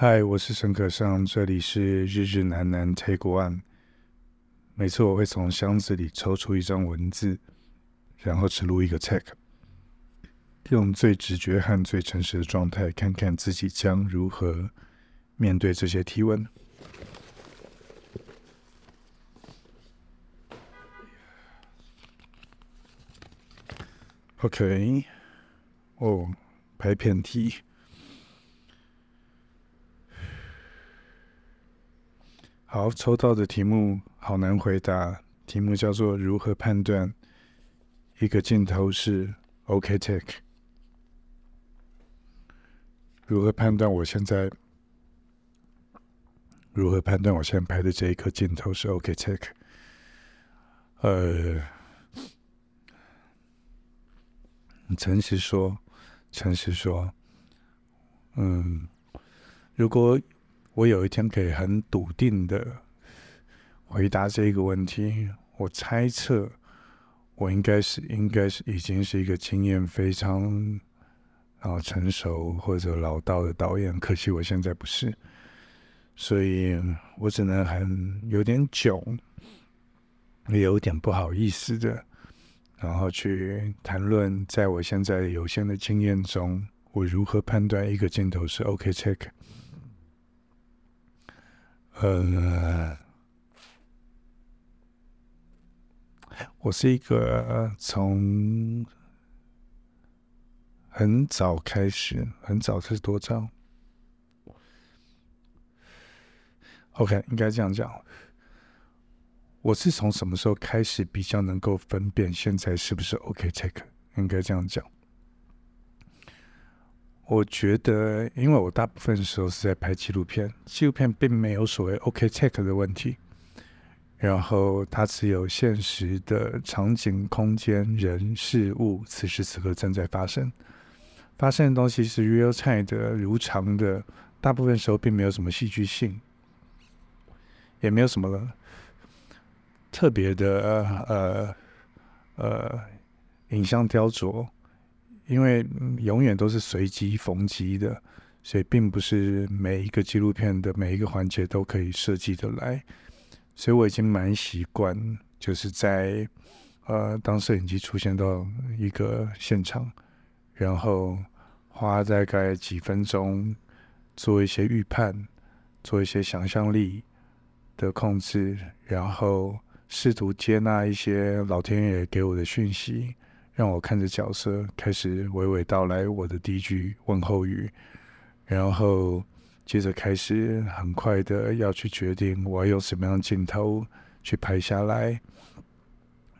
嗨，Hi，我是陳可尚，這裡是日日難難 Take One。每次我會從箱子裡抽出一張文字，然後只錄一個 Take。用最直覺和最誠實的狀態，看看自己將如何面對這些提問。OK，哦，拍片題。好，抽到的題目好難回答。題目叫做“如何判斷一個鏡頭是 OK take”。如何判斷我現在？如何判斷我現在拍的這一顆鏡頭是 OK take？呃，誠實說，誠實說，嗯，如果，我有一天可以很篤定的回答這個問題。我猜測，我應該是應該是已經是一個經驗非常啊成熟或者老道的導演，可惜我現在不是，所以我只能很有點囧，有點不好意思的，然後去談論在我現在有限的經驗中，我如何判斷一個鏡頭是 OK take。呃，我是一個從很早開始，很早是多早？OK，應該這樣講。我是從什麼時候開始比較能夠分辨現在是不是 OK Take，應該這樣講。我覺得，因為我大部分時候是在拍紀錄片，紀錄片並沒有所謂 OK take 的問題。然後它只有現實的場景、空間、人、事、物，此時此刻正在發生。發生的東西是 real time 的、如常的，大部分時候並沒有什麼戲劇性，也沒有什麼了特別的呃呃呃影像雕琢。因為永遠都是隨機逢集的，所以並不是每一個紀錄片的每一個環節都可以設計得來，所以我已經蠻習慣，就是在呃，當攝影機出現到一個現場，然後花大概幾分鐘做一些預判，做一些想象力的控制，然後試圖接納一些老天爺給我的訊息。讓我看着角色開始娓娓道來我的第一句問候語，然後接着開始很快的要去決定我要用什麼樣的鏡頭去拍下來。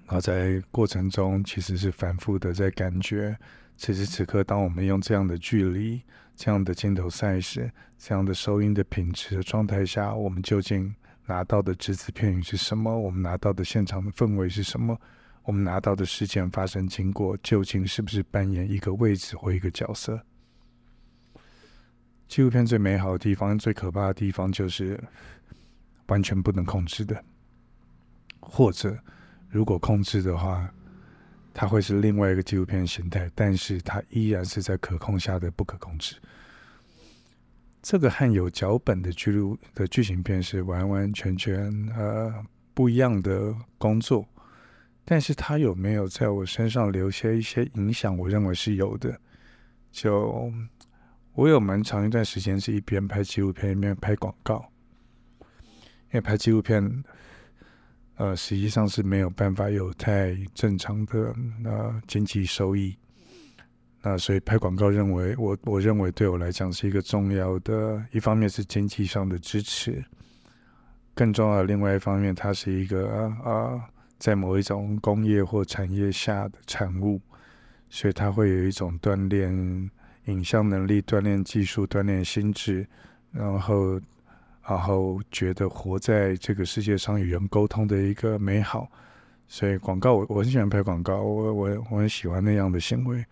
然後在過程中其實是反復的在感覺，此時此刻，當我們用這樣的距離、這樣的鏡頭、size、這樣的收音的品質的狀態下，我們究竟拿到的只字片語是什麼？我們拿到的現場的氛圍是什麼？我們拿到的事件發生經過，究竟是不是扮演一個位置或一個角色？紀錄片最美好的地方，最可怕的地方就是完全不能控制的，或者如果控制的話，它會是另外一個紀錄片形態，但是它依然是在可控下的不可控制。這個和有腳本的劇的劇情片是完完全全呃不一樣的工作。但是他有沒有在我身上留下一些影響？我認為是有的。就我有蠻長一段時間是一邊拍紀錄片一邊拍廣告，因為拍紀錄片，呃，實際上是沒有辦法有太正常的那、呃、經濟收益、呃。那所以拍廣告，認為我我認為對我來講是一個重要的，一方面是經濟上的支持，更重要的另外一方面，它是一個啊、呃呃。在某一種工業或產業下的產物，所以它會有一種鍛鍊影像能力、鍛鍊技術、鍛鍊心智，然後，然後覺得活在這個世界上與人溝通的一個美好。所以廣告，我我很喜歡拍廣告，我我我很喜歡那樣的行為。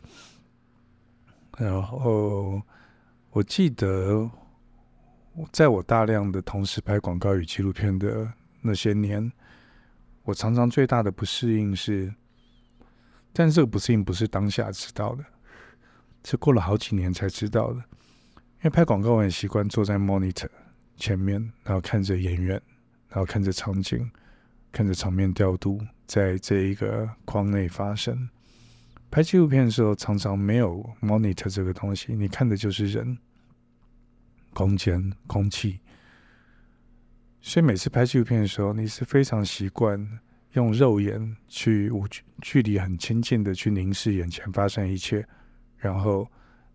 然後我記得，在我大量的同時拍廣告與紀錄片的那些年。我常常最大的不適應是，但是這個不適應不是當下知道的，是過了好幾年才知道的。因為拍廣告我很習慣坐在 monitor 前面，然後看着演員，然後看着場景，看着場面調度，在這一個框內發生。拍紀錄片的時候，常常沒有 monitor 這個東西，你看的就是人、空間、空氣。所以每次拍紀錄片的時候，你是非常習慣用肉眼去無距離、很親近的去凝視眼前發生一切，然後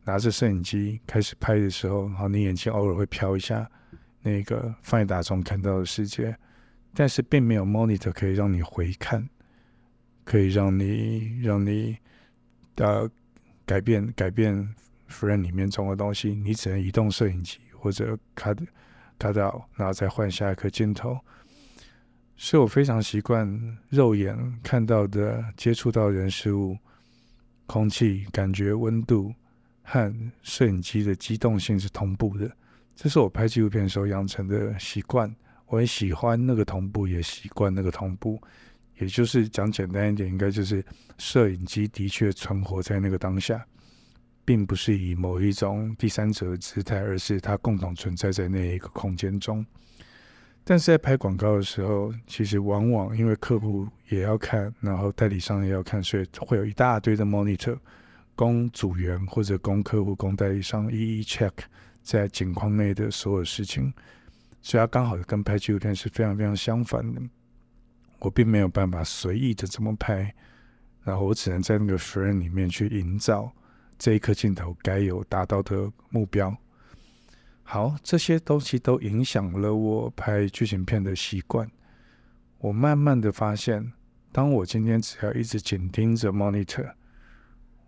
拿着攝影機開始拍的時候，好，你眼睛偶爾會飄一下那個放大中看到的世界，但是並沒有 monitor 可以讓你回看，可以讓你讓你的、啊、改變改變 frame 裡面中的東西，你只能移動攝影機或者卡的。卡掉，然後再換下一顆鏡頭。所以我非常習慣肉眼看到的、接觸到人事物、空氣、感覺溫度和攝影機的機動性是同步的。這是我拍紀錄片的時候養成的習慣。我很喜歡那個同步，也習慣那個同步。也就是講簡單一點，應該就是攝影機的確存活在那個當下。並不是以某一種第三者的姿態，而是它共同存在在那一個空間中。但是在拍廣告的時候，其實往往因為客戶也要看，然後代理商也要看，所以會有一大堆的 monitor 供組員或者供客戶、供代理商一一 check 在景框內的所有事情。所以它剛好跟拍紀錄片是非常非常相反的。我並沒有辦法隨意的這麼拍，然後我只能在那個 frame 裡面去營造。這一顆鏡頭該有達到的目標。好，這些東西都影響了我拍劇情片的習慣。我慢慢的發現，當我今天只要一直緊盯着 monitor，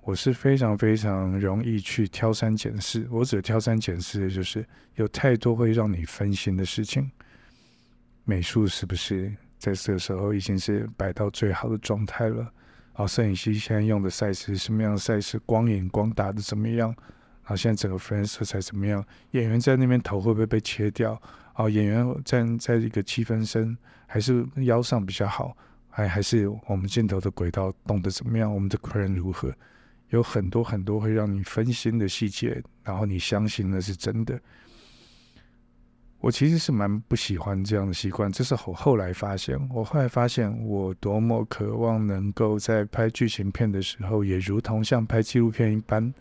我是非常非常容易去挑三揀四。我只挑三揀四的，就是有太多會讓你分心的事情。美術是不是在這個時候已經是擺到最好的狀態了？好，攝、哦、影師現在用的 size 什麼樣？的 size 光影光打的怎麼樣？啊、哦，現在整個 frame 色彩怎麼樣？演員在那邊頭會不會被切掉？啊、哦，演員站在一個七分身還是腰上比較好？還、哎、還是我們鏡頭的軌道動的怎麼樣？我們的客人如何？有很多很多會讓你分心的細節，然後你相信那是真的。我其實是蠻不喜歡這樣的習慣，這是我後來發現。我後來發現，我多麼渴望能夠在拍劇情片的時候，也如同像拍紀錄片一般，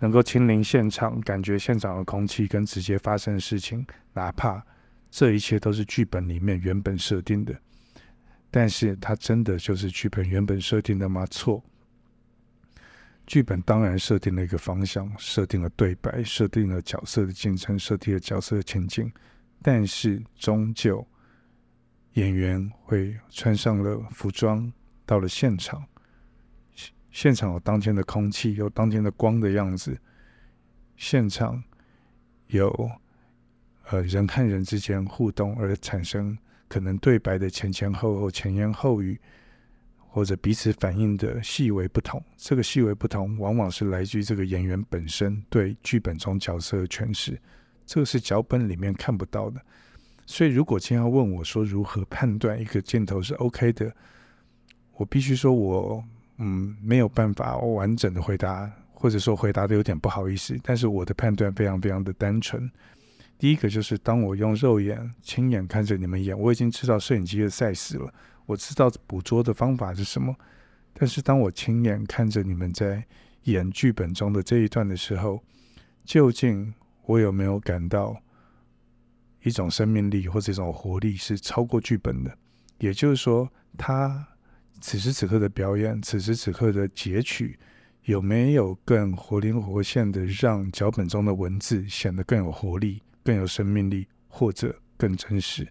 能夠親臨現場，感覺現場的空氣跟直接發生的事情，哪怕這一切都是劇本裡面原本設定的，但是它真的就是劇本原本設定的嗎？錯。劇本當然設定了一個方向，設定了對白，設定了角色的進程，設定了角色的情景，但是終究演員會穿上了服裝，到了現場，現場有當天的空氣，有當天的光的樣子，現場有呃人和人之間互動而產生可能對白的前前後後、前言後語。或者彼此反應的細微不同，這個細微不同往往是來自於這個演員本身對劇本中角色的詮釋，這個是腳本裡面看不到的。所以，如果今天要問我說如何判斷一個鏡頭是 OK 的，我必須說我嗯沒有辦法完整的回答，或者說回答的有點不好意思。但是我的判斷非常非常的單純，第一個就是當我用肉眼親眼看着你們演，我已經知道攝影機的 size 了。我知道捕捉的方法是什麼，但是當我親眼看着你們在演劇本中的這一段的時候，究竟我有沒有感到一種生命力或者一種活力是超過劇本的？也就是說，他此時此刻的表演，此時此刻的截取，有沒有更活靈活現地讓腳本中的文字顯得更有活力、更有生命力，或者更真實？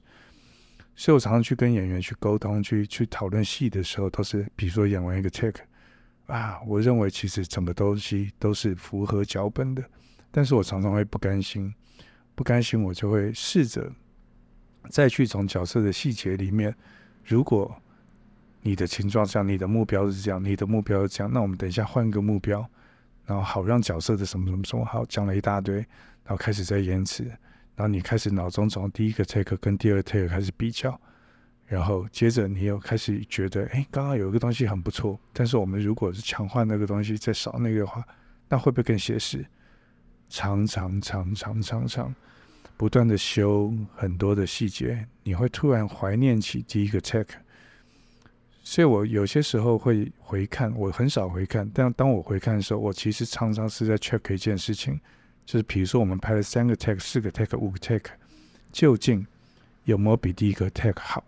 所以我常常去跟演員去溝通，去去討論戲的時候，都是比如說演完一個 take，啊，我認為其實整個東西都是符合腳本的，但是我常常會不甘心，不甘心，我就會試着再去從角色的細節裡面，如果你的情況像你的目標是這樣，你的目標是這樣，那我們等一下換個目標，然後好讓角色的什麼什麼什麼好講了一大堆，然後開始在延遲。然後你開始腦中從第一個 take 跟第二個 take 開始比較，然後接着你又開始覺得，哎，剛剛有一個東西很不錯，但是我們如果是強化那個東西再少那個的話，那會不會更寫實？常，常常常常常常不斷的修很多的細節，你會突然懷念起第一個 take。所以我有些時候會回看，我很少回看，但當我回看的時候，我其實常常是在 check 一件事情。就是比如說，我們拍了三個 take、四個 take、五個 take，究竟有沒有比第一個 take 好？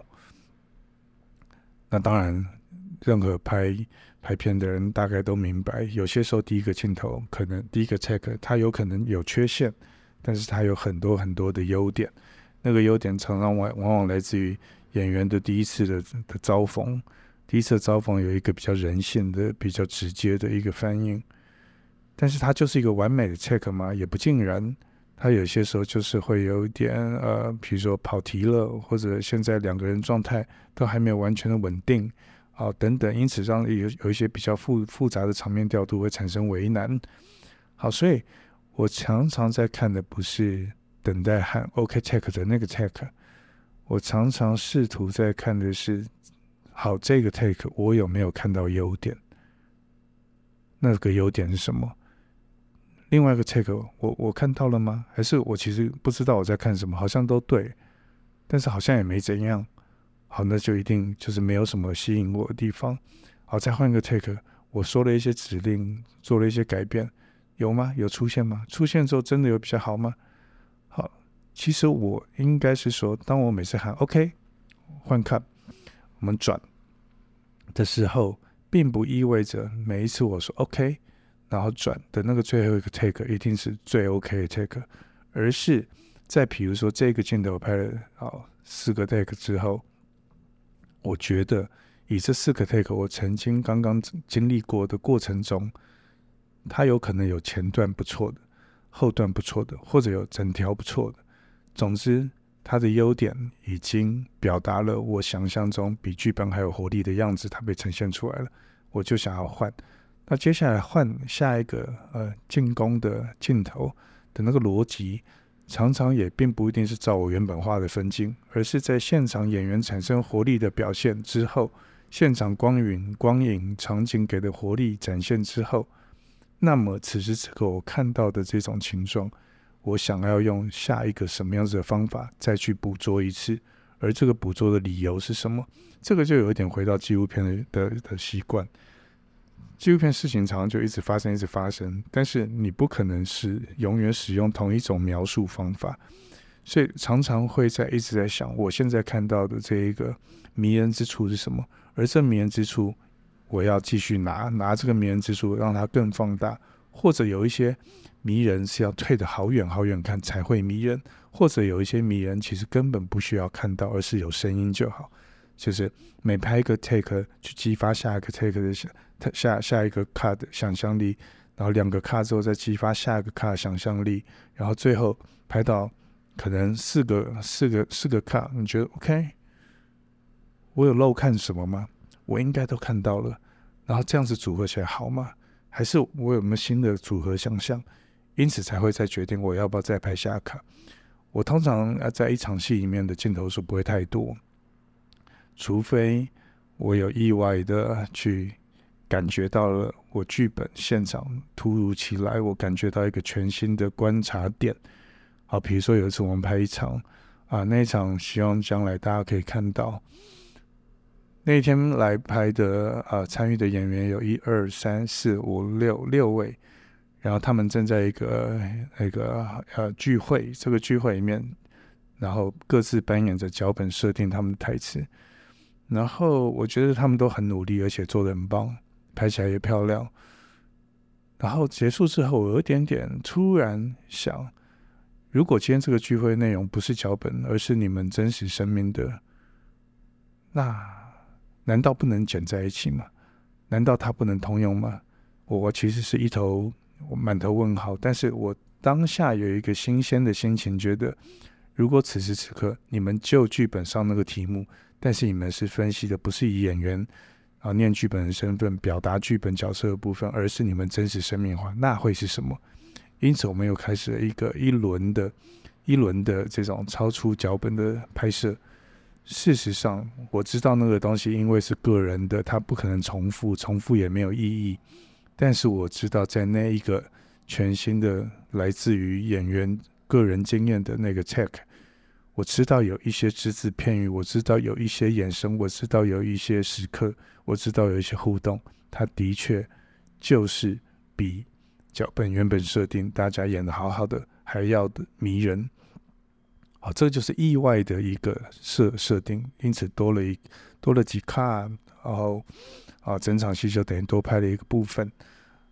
那當然，任何拍拍片的人大概都明白，有些時候第一個鏡頭可能第一個 take 它有可能有缺陷，但是它有很多很多的優點。那個優點常常往往往來自於演員的第一次的的遭逢，第一次遭逢有一個比較人性的、比較直接的一個反應。但是它就是一個完美的 take 嗎？也不盡然。它有些時候就是會有一點呃，比如說跑題了，或者現在兩個人狀態都還沒有完全的穩定，啊、呃，等等。因此，讓有有一些比較複複雜的場面調度會產生為難。好，所以我常常在看的不是等待和 OK take 的那個 take，我常常試圖在看的是，好，這個 take 我有沒有看到優點？那個優點是什麼？另外一個 take，我我看到了嗎？還是我其實不知道我在看什麼？好像都對，但是好像也沒怎樣。好，那就一定就是沒有什麼吸引我的地方。好，再換一個 take，我說了一些指令，做了一些改變，有嗎？有出現嗎？出現之後真的有比較好嗎？好，其實我應該是說，當我每次喊 “OK”，換看我們轉的時候，並不意味着每一次我說 “OK”。然後轉的那個最後一個 take 一定是最 OK 的 take，而是再比如說這個鏡頭拍了啊四個 take 之後，我覺得以這四個 take 我曾經剛剛經歷過的過程中，它有可能有前段不錯的，後段不錯的，或者有整條不錯的。總之，它的優點已經表達了我想象中比劇本還有活力的樣子，它被呈現出來了。我就想要換。那接下來換下一個呃進攻的鏡頭的那個邏輯，常常也並不一定是照我原本畫的分鏡，而是在現場演員產生活力的表現之後，現場光雲光影場景給的活力展現之後，那麼此時此刻我看到的這種情狀，我想要用下一個什麼樣子的方法再去捕捉一次，而這個捕捉的理由是什麼？這個就有一點回到紀錄片的的習慣。的紀錄片事情常常就一直發生，一直發生。但是你不可能是永遠使用同一種描述方法，所以常常會在一直在想，我現在看到的這一個迷人之處是什麼？而這迷人之處，我要繼續拿拿這個迷人之處，讓它更放大。或者有一些迷人是要退得好遠好遠看才會迷人，或者有一些迷人其實根本不需要看到，而是有聲音就好。就是每拍一個 take 去激發下一個 take 的。他下下一個卡的想象力，然後兩個卡之後再激發下一個卡的想象力，然後最後拍到可能四個四個四個卡，你覺得 OK？我有漏看什麼嗎？我應該都看到了。然後這樣子組合起來好嗎？還是我有沒有新的組合想象？因此才會再決定我要不要再拍下卡。我通常要在一場戲裡面的鏡頭數不會太多，除非我有意外的去。感覺到了，我劇本現場突如其來，我感覺到一個全新的觀察點。好、啊，比如說有一次我們拍一場啊，那一場希望將來大家可以看到，那一天來拍的啊，參與的演員有一二三四五六六位，然後他們正在一個那個呃、啊、聚會，這個聚會裡面，然後各自扮演着腳本設定他們的台詞，然後我覺得他們都很努力，而且做得很棒。拍起來也漂亮，然後結束之後，我有點點突然想：如果今天這個聚會內容不是腳本，而是你們真實生命的，那難道不能剪在一起嗎？難道它不能通用嗎？我其實是一頭滿頭問號，但是我當下有一個新鮮的心情，覺得如果此時此刻你們就劇本上那個題目，但是你們是分析的，不是以演員。啊，念劇本的身份，表達劇本角色的部分，而是你們真實生命化，那會是什麼？因此，我們又開始了一個一輪的、一輪的這種超出腳本的拍攝。事實上，我知道那個東西，因為是個人的，它不可能重複，重複也沒有意義。但是，我知道在那一個全新的、來自於演員個人經驗的那個 check。我知道有一些只字，字片語，我知道有一些眼神，我知道有一些時刻，我知道有一些互動。它的確就是比腳本原本設定大家演得好好的還要的迷人。好，這就是意外的一個設設定，因此多了一多了幾卡，然後啊，整場戲就等於多拍了一個部分。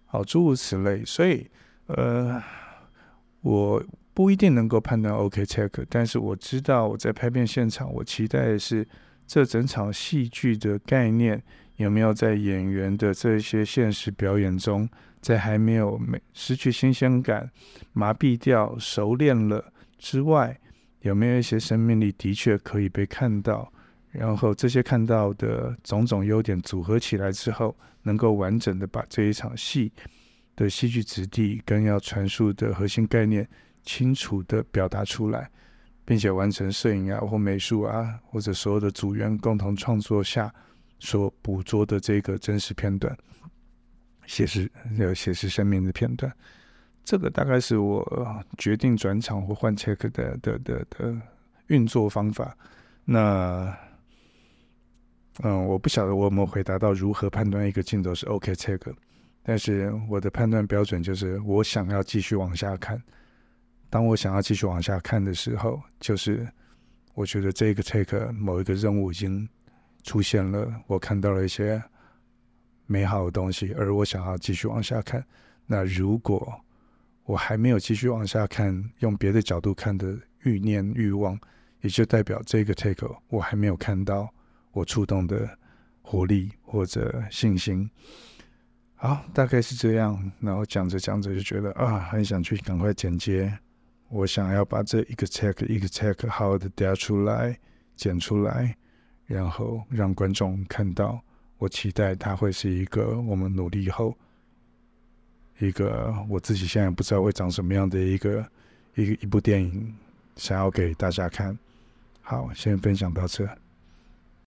好，諸如此類，所以呃。我不一定能夠判斷 OK take，但是我知道我在拍片現場，我期待的是這整場戲劇的概念有沒有在演員的這些現實表演中，在還沒有沒失去新鮮感，麻痹掉，熟練了之外，有沒有一些生命力的確可以被看到？然後這些看到的種種優點組合起來之後，能夠完整的把這一場戲。的戲劇質地跟要傳述的核心概念清楚的表達出來，並且完成攝影啊或美術啊或者所有的組員共同創作下所捕捉的這個真實片段，寫實有寫實生命的片段，這個大概是我決定轉場或換 check 的的的的運作方法。那嗯，我不曉得我有沒有回答到如何判斷一個鏡頭是 OK check。但是我的判斷標準就是，我想要繼續往下看。當我想要繼續往下看的時候，就是我覺得這個 take 某一個任務已經出現了，我看到了一些美好的東西，而我想要繼續往下看。那如果我還沒有繼續往下看，用別的角度看的欲念、欲望，也就代表這個 take 我還沒有看到我觸動的活力或者信心。好，大概是這樣。然後講着講着就覺得啊，很想去趕快剪接。我想要把這一個 take 一個 take 好好的調出來、剪出來，然後讓觀眾看到。我期待它會是一個我們努力後，一個我自己現在不知道會長什麼樣的一個一一部電影，想要給大家看。好，先分享到這。